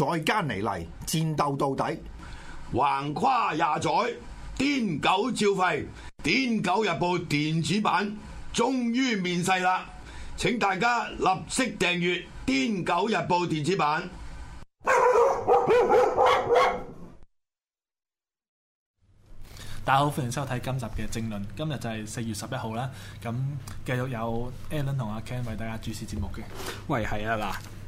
再加尼嚟，戰鬥到底，橫跨廿載，癲狗照吠。癲狗日報電子版終於面世啦！請大家立即訂閱《癲狗日報》電子版。大家好，歡迎收睇今集嘅政論。今日就係四月十一號啦。咁繼續有 Allen 同阿 Ken 為大家主持節目嘅。喂，係啊嗱。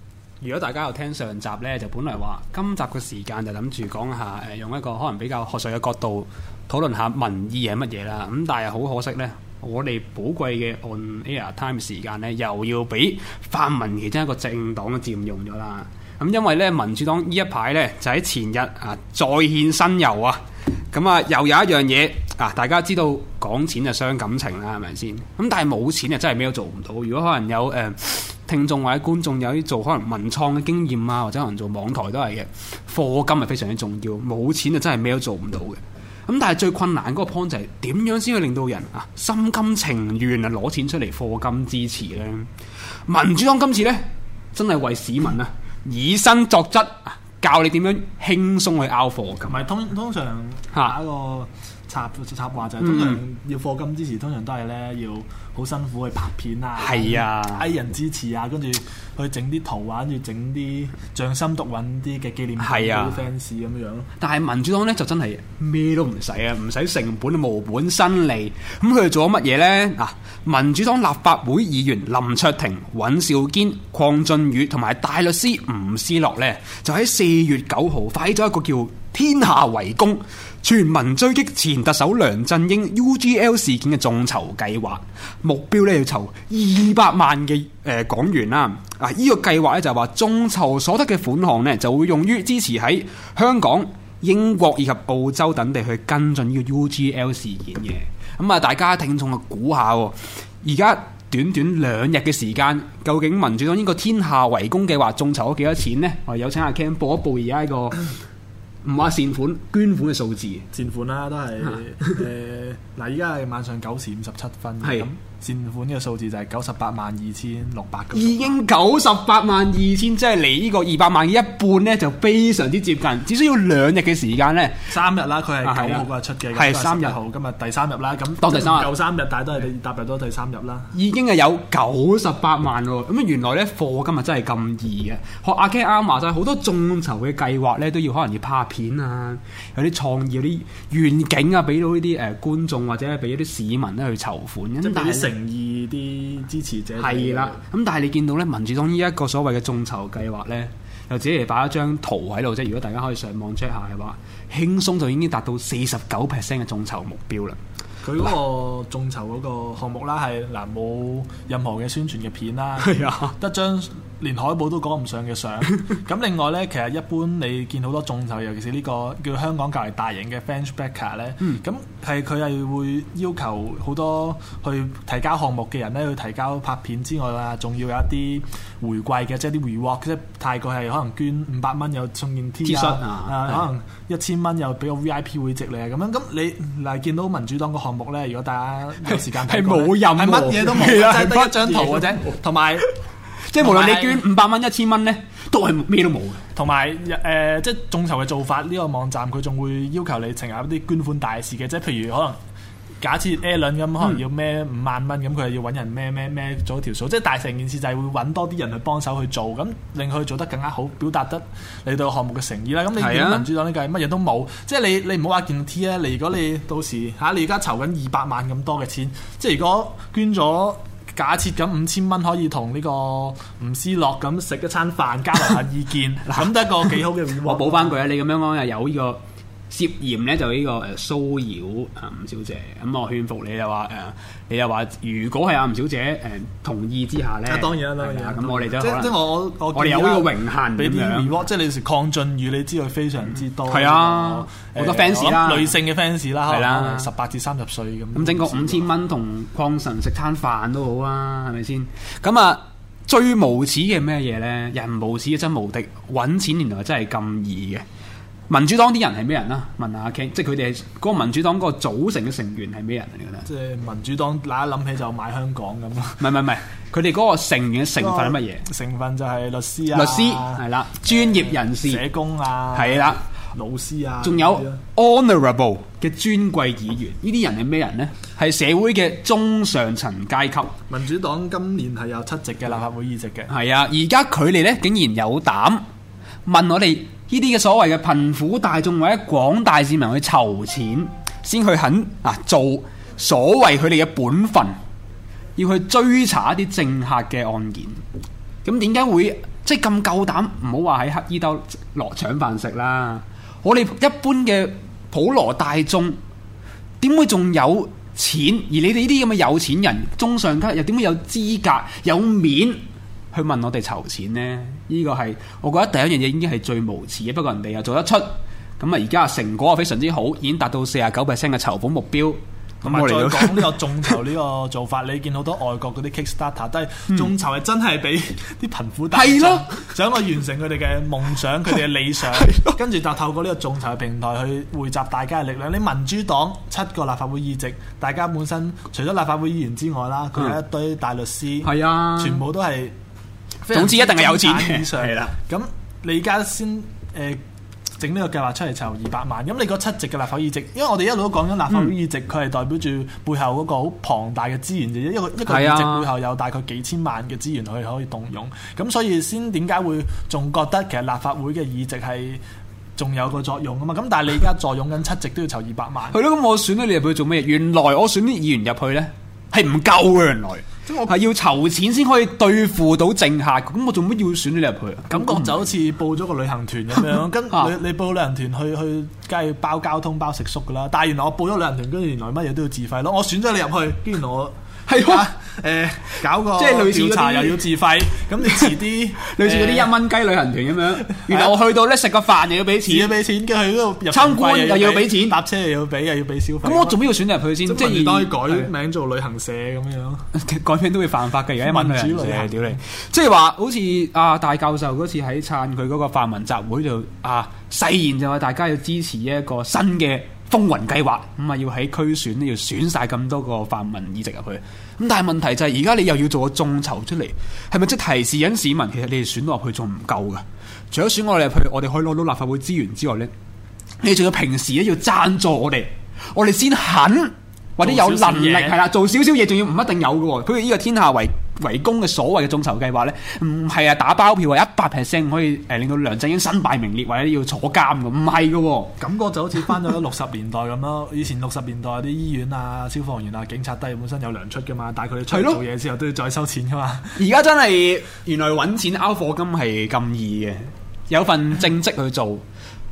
如果大家有聽上集呢，就本來話今集嘅時間就諗住講下誒、呃，用一個可能比較學術嘅角度討論下民意係乜嘢啦。咁但係好可惜呢，我哋寶貴嘅 on air time 時間呢，又要俾泛民其中一個政黨佔用咗啦。咁、嗯、因為呢，民主黨呢一排呢，就喺前日啊再現新遊啊。咁、嗯、啊又有一樣嘢啊，大家知道講錢就傷感情啦，係咪先？咁但係冇錢啊真係咩都做唔到。如果可能有誒。呃聽眾或者觀眾有啲做可能文創嘅經驗啊，或者可能做網台都係嘅，課金係非常之重要，冇錢就真係咩都做唔到嘅。咁但係最困難嗰個 point 就係點樣先可令到人啊心甘情願啊攞錢出嚟課金支持呢？民主黨今次呢，真係為市民啊，以身作則，教你點樣輕鬆去拗課金。唔係通通常吓一個。啊插插話就係通常要課金支持，嗯、通常都係咧要好辛苦去拍片啊，係啊，嗯、人支持啊，跟住、嗯、去整啲圖跟住整啲匠心獨運啲嘅紀念品俾啲 fans 咁樣咯。但係民主黨咧就真係咩都唔使啊，唔使成本冇本生利。咁佢哋做咗乜嘢咧？啊，民主黨立法會議員林卓廷、尹兆堅、鄺俊宇同埋大律師吳思樂咧，就喺四月九號發起咗一個叫天下圍攻，全民追擊前特首梁振英 U G L 事件嘅眾籌計劃，目標咧要籌二百萬嘅誒、呃、港元啦。啊，這個、計劃，呢個計劃咧就係話眾籌所得嘅款項咧就會用於支持喺香港、英國以及澳洲等地去跟進呢個 U G L 事件嘅。咁啊，大家聽眾啊，估下、哦，而家短短兩日嘅時間，究竟民主黨呢個天下圍攻嘅計劃眾籌咗幾多錢呢？啊，有請阿、啊、Ken 播一播而家呢個。 唔話善款捐款嘅數字，善款啦、啊、都係誒嗱，而家係晚上九時五十七分係咁。的善款呢個數字就係九十八萬二千六百咁。已經九十八萬二千，即係你呢個二百萬嘅一半咧，就非常之接近。只需要兩日嘅時間咧，三日啦，佢係九出嘅，係三日號，今日第三日啦，咁當第三日，第三日，夠三日，但係都係踏入咗第三日啦。已經係有九十八萬喎，咁原來咧，貨今日真係咁易嘅。學阿 Ken 啱啱話齋，好多眾籌嘅計劃咧，都要可能要拍片啊，有啲創意、啲願景啊，俾到呢啲誒觀眾或者係俾一啲市民咧去籌款。但係同意啲支持者係啦，咁但係你見到咧，民主黨呢一個所謂嘅眾籌計劃咧，又只係嚟擺一張圖喺度啫。如果大家可以上網 check 下嘅話，輕鬆就已經達到四十九 percent 嘅眾籌目標啦。佢個眾籌個項目啦，係嗱冇任何嘅宣傳嘅片啦，係啊得張連海報都講唔上嘅相。咁 另外咧，其實一般你見好多眾籌，尤其是呢個叫香港較為大型嘅 French Backer 咧、嗯，咁係佢係會要求好多去提交項目嘅人咧，要提交拍片之外啦，仲要有一啲回饋嘅，即係啲 reward，即係太過係可能捐五百蚊又送件 T 恤啊，啊是可能一千蚊又俾個 VIP 會籍你啊，咁樣咁你嗱見到民主黨個項。項目咧，如果大家冇時間睇係冇 任何乜嘢都冇，係得 一張圖嘅啫。同埋 有即係無論你捐五百蚊、一千蚊咧， 都係咩都冇嘅。同埋誒，即係眾籌嘅做法呢、呢個網站，佢仲會要求你請下一啲捐款大使嘅，即係譬如可能。假設 A 輪咁可能要咩五萬蚊咁，佢又、嗯、要揾人咩咩咩做條數，即係大成件事就係會揾多啲人去幫手去做，咁令佢做得更加好，表達得你對項目嘅誠意啦。咁你見民主黨呢計乜嘢都冇，嗯、即係你你唔好話件 T 啊，你如果你到時嚇、啊、你而家籌緊二百萬咁多嘅錢，即係如果捐咗假設咁五千蚊可以同呢個吳思樂咁食一餐飯交流下意見，咁得一個幾好嘅。 我補翻句啊，你咁樣講有呢、呢個。涉嫌咧就呢個誒騷擾啊吳小姐，咁我勸服你又話誒，你又話如果係阿吳小姐誒同意之下咧，當然啦，當然啦，咁我哋即即係我我我有呢個榮幸俾啲 reward，即係你時鄺俊宇你知道非常之多，係啊，好多 fans 啦，女性嘅 fans 啦，係啦，十八至三十歲咁，咁整個五千蚊同鄺神食餐飯都好啊，係咪先？咁啊，最無恥嘅咩嘢咧？人無恥真無敵，揾錢原來真係咁易嘅。民主黨啲人係咩人啦？問下阿 K，ane, 即係佢哋嗰個民主黨嗰個組成嘅成員係咩人嚟嘅咧？即係民主黨，嗱一諗起就買香港咁咯。唔係唔係唔係，佢哋嗰個成員嘅成分係乜嘢？成分，成分就係律師啊，律師係啦，專業人士社工啊，係啦的，老師啊，仲有 honorable 嘅尊貴議員， 呢啲人係咩人咧？係社會嘅中上層階級。民主黨今年係有七席嘅立法會議席嘅。係啊，而家佢哋呢，竟然有膽問我哋。呢啲嘅所謂嘅貧苦大眾或者廣大市民去籌錢，先去肯啊做所謂佢哋嘅本分，要去追查一啲政客嘅案件。咁點解會即係咁夠膽？唔好話喺乞衣兜落搶飯食啦！我哋一般嘅普羅大眾點會仲有錢？而你哋呢啲咁嘅有錢人、中上級又點會有資格、有面，去問我哋籌錢呢，呢、呢個係我覺得第一樣嘢已經係最無恥嘅。不過人哋又做得出，咁啊而家成果啊非常之好，已經達到四十九 percent 嘅籌款目標。咁啊、嗯，再講呢個眾籌呢個做法， 你見好多外國嗰啲 Kickstarter 都係眾籌係真係俾啲貧苦批咯，嗯、想我完成佢哋嘅夢想，佢哋嘅理想， 跟住就透過呢個眾籌平台去匯集大家嘅力量。你民主黨七個立法會議席，大家本身除咗立法會議員之外啦，佢有一堆大律師，係啊、嗯，全部都係。 總之一定係有錢嘅，係啦上。咁的你而家先誒整呢個計劃出嚟，籌二百萬。咁你個七席嘅立法會議席，因為我哋一路都講緊立法會議席，佢係、嗯、代表住背後嗰個好龐大嘅資源嘅，一個一個議席背後有大概幾千萬嘅資源去可以動用。咁的所以先點解會仲覺得其實立法會嘅議席係仲有個作用啊嘛？咁但係你而家坐擁緊七席都要籌二百萬。係咯 嗯，咁我選咗你入去做咩？原來我選啲議員入去咧係唔夠嘅，原來。我係要籌錢先可以對付到政客，咁我做乜要選你入去？感覺就好似報咗個旅行團咁樣， 跟你你報旅行團去去。梗係包交通包食宿㗎啦，但係原來我報咗旅行團，跟住原來乜嘢都要自費咯。我選咗你入去，跟住我係啊誒搞個即係類似調查又要自費，咁你遲啲類似嗰啲一蚊雞旅行團咁樣。原來我去到咧食個飯又要俾錢，要俾錢，跟住喺入度參觀又要俾錢，搭車又要俾，又要俾消費。咁我做咩要選擇入去先？即係而當改名做旅行社咁樣，改名都會犯法嘅。而家一蚊雞旅行社屌你，即係話好似阿大教授嗰次喺撐佢嗰個泛民集會度啊。誓言就話大家要支持一個新嘅風雲計劃，咁啊要喺區選呢要選晒咁多個泛民議席入去，咁但係問題就係而家你又要做個眾籌出嚟，係咪即係提示緊市民，其實你哋選落去仲唔夠噶？除咗選我哋入去，我哋可以攞到立法會資源之外呢，你仲要平時咧要贊助我哋，我哋先肯或者有能力係啦，做少少嘢，仲要唔一定有噶，譬如呢個天下為。圍攻嘅所謂嘅眾籌計劃呢，唔係啊，打包票啊，一百 percent 可以誒令到梁振英身敗名裂或者要坐監嘅，唔係嘅喎。感覺就好似返咗六十年代咁咯。 以前六十年代啲醫院啊、消防員啊、警察隊本身有糧出嘅嘛，但係佢哋出嚟做嘢之後都要再收錢嘅嘛。而家 真係原來揾錢 R 課金係咁易嘅，有份正職去做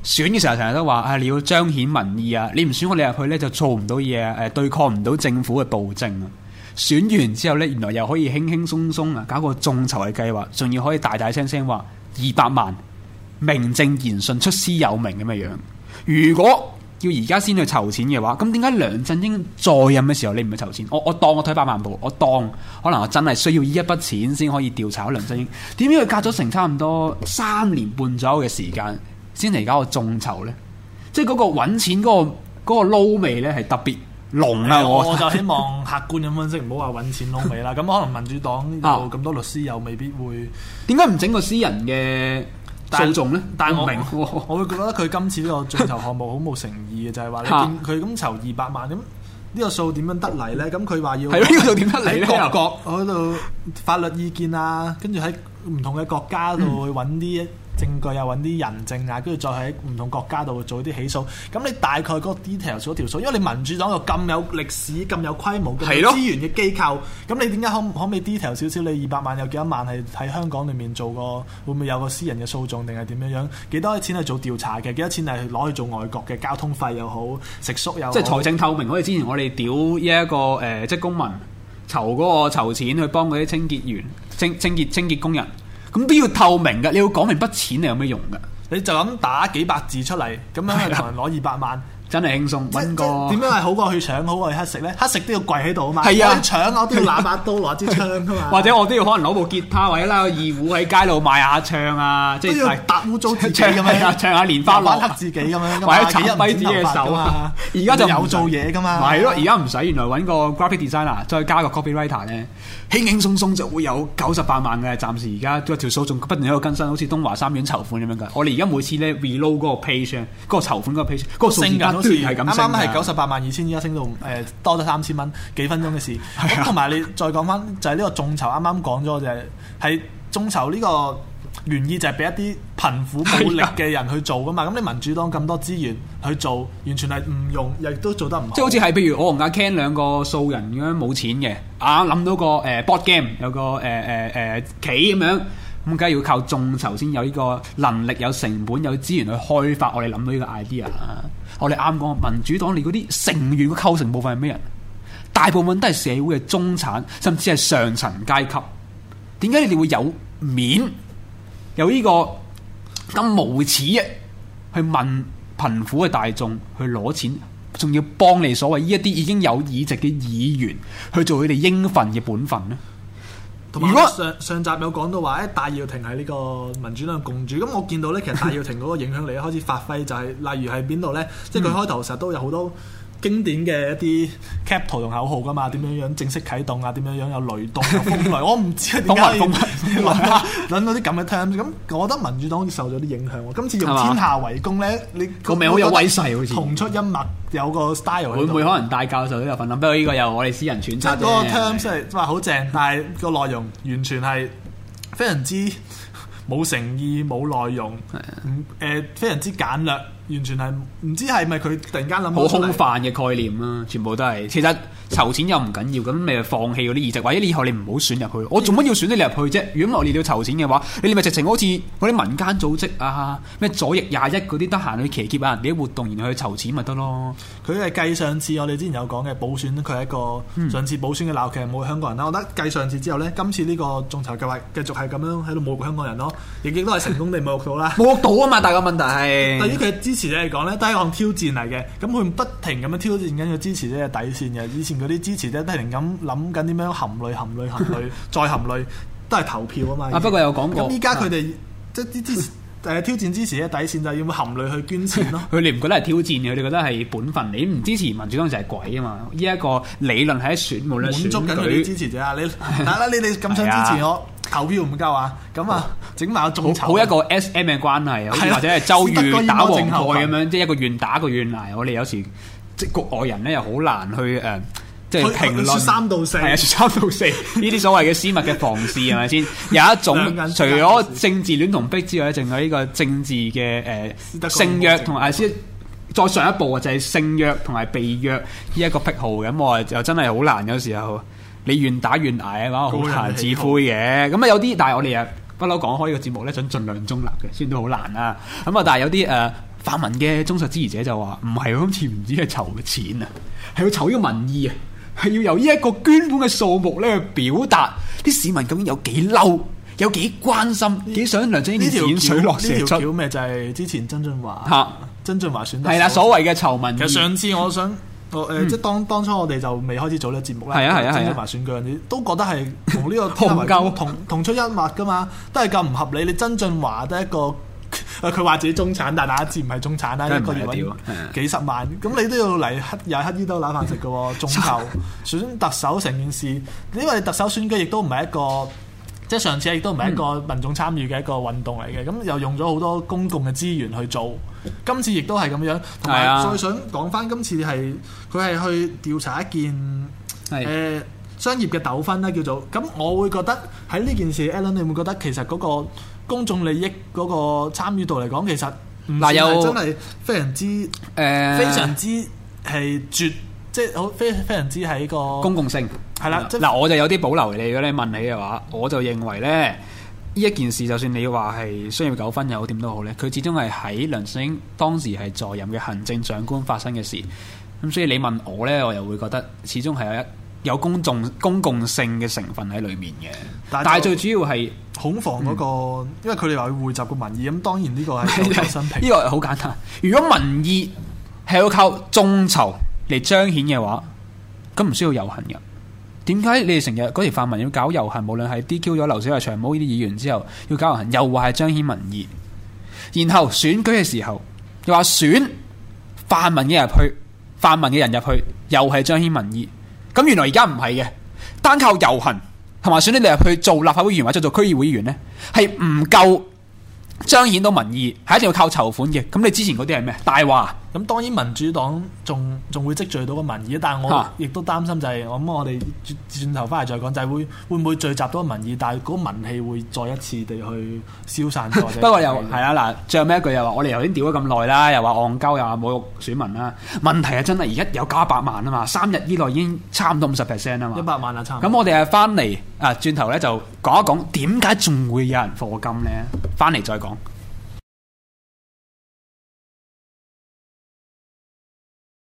選嘅時候，成日都話啊，你要彰顯民意啊，你唔選我你入去呢就做唔到嘢，誒、啊、對抗唔到政府嘅暴政啊！選完之後呢，原來又可以輕輕鬆鬆啊，搞個眾籌嘅計劃，仲要可以大大聲聲話二百萬，名正言順、出師有名咁嘅樣。如果要而家先去籌錢嘅話，咁點解梁振英再任嘅時候你唔去籌錢？我我當我退百萬步，我當可能我真係需要呢一筆錢先可以調查梁振英。點解佢隔咗成差唔多三年半左右嘅時間先嚟搞個眾籌呢？即係嗰個揾錢嗰個嗰個撈味呢係特別。籠啦，啊、我，我就希望客觀咁分析，唔好話揾錢撈尾啦。咁可能民主黨有咁多律師又未必會。點解唔整個私人嘅訴訟咧？但係我，我明、哦，我會覺得佢今次呢個眾籌項目好冇誠意嘅， 就係話佢咁籌二百萬，咁呢個數點樣得嚟咧？咁佢話要喺 呢度點得嚟咧？各國喺度 法律意見啊，跟住喺唔同嘅國家度去揾啲、嗯。證據又揾啲人證啊，跟住再喺唔同國家度做啲起訴。咁你大概嗰 detail 嗰條數，因為你民主黨有咁有歷史、咁有規模嘅的資源嘅機構，咁你點解可唔可以 detail 少少？你二百萬有幾多萬係喺香港裏面做過？會唔會有個私人嘅訴訟定係點樣樣？幾多錢係做調查嘅？幾多錢係攞去做外國嘅交通費又好食宿又好？即係財政透明。我哋之前我哋屌一個誒、呃，即係公民籌嗰個籌錢去幫嗰啲清潔員、清清潔清潔工人。咁都要透明嘅，你要講明筆錢你有咩用嘅，你就咁打幾百字出嚟，咁樣同人攞二百萬。真係輕鬆，揾個點樣係好過去搶，好過去乞食咧？乞食都要跪喺度啊嘛！係啊，去搶我都要拿把刀攞支槍噶嘛！或者我都要可能攞部吉他，或者拉個二胡喺街度賣下唱啊！即係打污糟自己咁樣，唱下《蓮花落》黑自己咁樣，或者插低自己嘅手啊！而家就，就有做嘢噶嘛？係咯、啊，而家唔使原來揾個 graphic designer，再加個 copywriter 咧，輕輕鬆鬆就會有九十八萬嘅。暫時而家個條數仲不斷喺度更新，好似東華三院籌款咁樣嘅。我哋而家每次咧 reload 嗰個 page，嗰個籌款嗰個 page，嗰個數字。啱啱係九十八萬二千，而家升到誒、呃、多咗三千蚊，幾分鐘嘅事。咁同埋你再講翻，就係、是、呢個眾籌剛剛，啱啱講咗就係、是、喺眾籌呢個原意就係俾一啲貧苦冇力嘅人去做噶嘛。咁 你民主黨咁多資源去做，完全係唔用亦都做得唔好。即係好似係，譬如我同阿 Ken 兩個素人咁樣冇錢嘅，啊諗到個誒、呃、board game，有個誒誒誒棋咁樣。咁梗係要靠眾籌先有呢個能力，有成本，有資源去開發我哋諗到呢個 idea。我哋啱講民主黨，你嗰啲成員嘅構成部分係咩人？大部分都係社會嘅中產，甚至係上層階級。點解你哋會有面有呢個咁無恥啊？去問貧苦嘅大眾去攞錢，仲要幫你所謂呢一啲已經有議席嘅議員去做佢哋應份嘅本分呢？同埋我上上集有講到話，喺戴耀廷係呢個民主黨共主，咁我見到咧，其實戴耀廷嗰個影響力開始發揮， 就係例如喺邊度咧，即係佢開頭實都有好多。經典嘅一啲 cap 圖同口號㗎嘛，點樣樣正式啟動啊？點樣樣有雷動有、啊、 風雷，我唔知點解揾到啲咁嘅 term。咁 我覺得民主黨好似受咗啲影響。今次用天下為公咧，嗎你個名好有威勢，好似同出一脈有個 style。會唔會可能戴教授都有份諗？不過呢個又我哋私人選擇。即嗰個 term 真係哇好正，但係個內容完全係非常之冇誠意、冇內容，唔非常之簡略。完全係，唔知係咪佢突然間諗，好空泛嘅概念啦、啊，全部都係其實。籌錢又唔緊要，咁咪放棄嗰啲議席，或者你以後你唔好選入去，我做乜要選你入去啫？ 如果我哋要籌錢嘅話，你哋咪直情好似嗰啲民間組織啊，咩左翼廿一嗰啲得閒去騎劫人哋啲活動，然後去籌錢咪得咯。佢係計上次我哋之前有講嘅補選，佢係一個上次補選嘅鬧劇，冇香港人啦。我覺得計上次之後呢，今次呢個眾籌計劃繼續係咁樣喺度侮辱香港人咯，亦都係成功地侮辱到啦。侮辱到啊嘛，大個問題係對於佢支持者嚟講呢，都係一項挑戰嚟嘅，咁佢不停咁樣挑戰緊佢支持者嘅底線嘅。以前。嗰啲支持者都係咁諗緊點樣含淚、含淚、含淚，再含淚，都係投票啊嘛。啊，不過有講過。咁依家佢哋即係啲支持誒挑戰支持嘅底線，就要含淚去捐錢咯。佢哋唔覺得係挑戰，佢哋覺得係本分。你唔支持民主黨就係鬼啊嘛！呢一個理論喺選務咧滿足緊佢哋支持者。你嗱啦，啊、你哋咁想支持、啊、我，投票唔夠啊？咁啊，整埋個眾籌。好一個 S M 嘅關係啊，或者係周瑜打黃蓋咁樣，即係一,一個願打一個願挨。我哋有時即係局外人咧，又好難去誒。嗯即係評論，係啊，三到四呢啲 所謂嘅私密嘅房事係咪先？ 是是有一種除咗政治戀同癖之外，咧仲有呢個政治嘅誒、呃、德性約同埋，先再上一步啊，就係性約同埋被約呢一個癖好嘅。咁、嗯、我就真係好難，有時候你願打願挨嘅話，難好怕自灰嘅。咁啊有啲，但係我哋啊不嬲講開呢個節目咧，想盡量中立嘅，先都好難啊。咁、嗯、啊，但係有啲誒泛民嘅忠實支持者就話唔係，好似唔止係籌錢啊，係要籌呢個民意啊。係要由呢一個捐款嘅數目咧，表達啲市民究竟有幾嬲，有幾關心，幾想梁振英啲錢水落石出呢條咩就係、是、之前曾俊華，啊、曾俊華選係啦、啊。所謂嘅醜聞，其實上次我想，誒、嗯呃，即係當當初我哋就未開始做呢個節目啦。係啊係啊，啊啊啊曾俊華選舉，都覺得係、這個、 勾同呢個鋪埋同同出一脈噶嘛，都係咁唔合理。你曾俊華得一個。佢話自己中產，但大家知唔係中產啦，一,一個月揾幾十萬，咁的你要黑黑都要嚟黑又係衣兜攬飯食嘅喎，中後選特首成件事，因為特首選舉亦都唔係一個，即係上次亦都唔係一個民眾參與嘅一個運動嚟嘅，咁、嗯、又用咗好多公共嘅資源去做，今次亦都係咁樣，同埋再想講返今次係佢係去調查一件誒的、呃、商業嘅糾紛啦，叫做咁，我會覺得喺呢件事，Allen，你會覺得其實嗰、嗰個。公眾利益嗰個參與度嚟講，其實嗱，唔算係真係非常之誒，呃、非常之係絕，即係好非非常之喺個公共性係啦。嗱了，即我就有啲保留嚟嘅，你問你嘅話，我就認為咧，呢一件事就算你話係商業糾紛又好點都好咧，佢始終係喺梁振英當時係在任嘅行政長官發生嘅事。咁所以你問我咧，我又會覺得始終係有一。有公眾公共性嘅成分喺裏面嘅，但係最主要係恐防嗰，那個，嗯，因為佢哋話要匯集個民意，咁，嗯，當然呢個係呢 個好簡單。如果民意係要靠眾籌嚟彰顯嘅話，咁唔需要遊行嘅。點解你哋成日嗰條泛民要搞遊行？無論係 DQ 咗劉小麗、長毛呢啲議員之後，要搞遊行，又話係彰顯民意。然後選舉嘅時候又話選泛民嘅人入去，泛民嘅人入去，又係彰顯民意。咁原來而家唔係嘅，單靠遊行同埋選啲人入去做立法會議員或者做區議會議員咧，係唔夠彰顯到民意，係一定要靠籌款嘅。咁你之前嗰啲係咩？大話。咁當然民主黨仲仲會積聚到個民意，但係我亦都擔心就係我諗，咁我哋轉轉頭翻嚟再講，就係會會唔會聚集到個民意，但係嗰民氣會再一次地去消散。 不過又係啊嗱， 最後咩一句又話，我哋頭先屌咗咁耐啦，又話戇鳩，又話冇選民啦。問題係真係而家有九百萬啊嘛，三日以內已經差唔多五十 percent 啊嘛。一百萬啊差。咁我哋啊翻嚟啊轉頭咧就講一講點解仲會有人課金咧？翻嚟再講。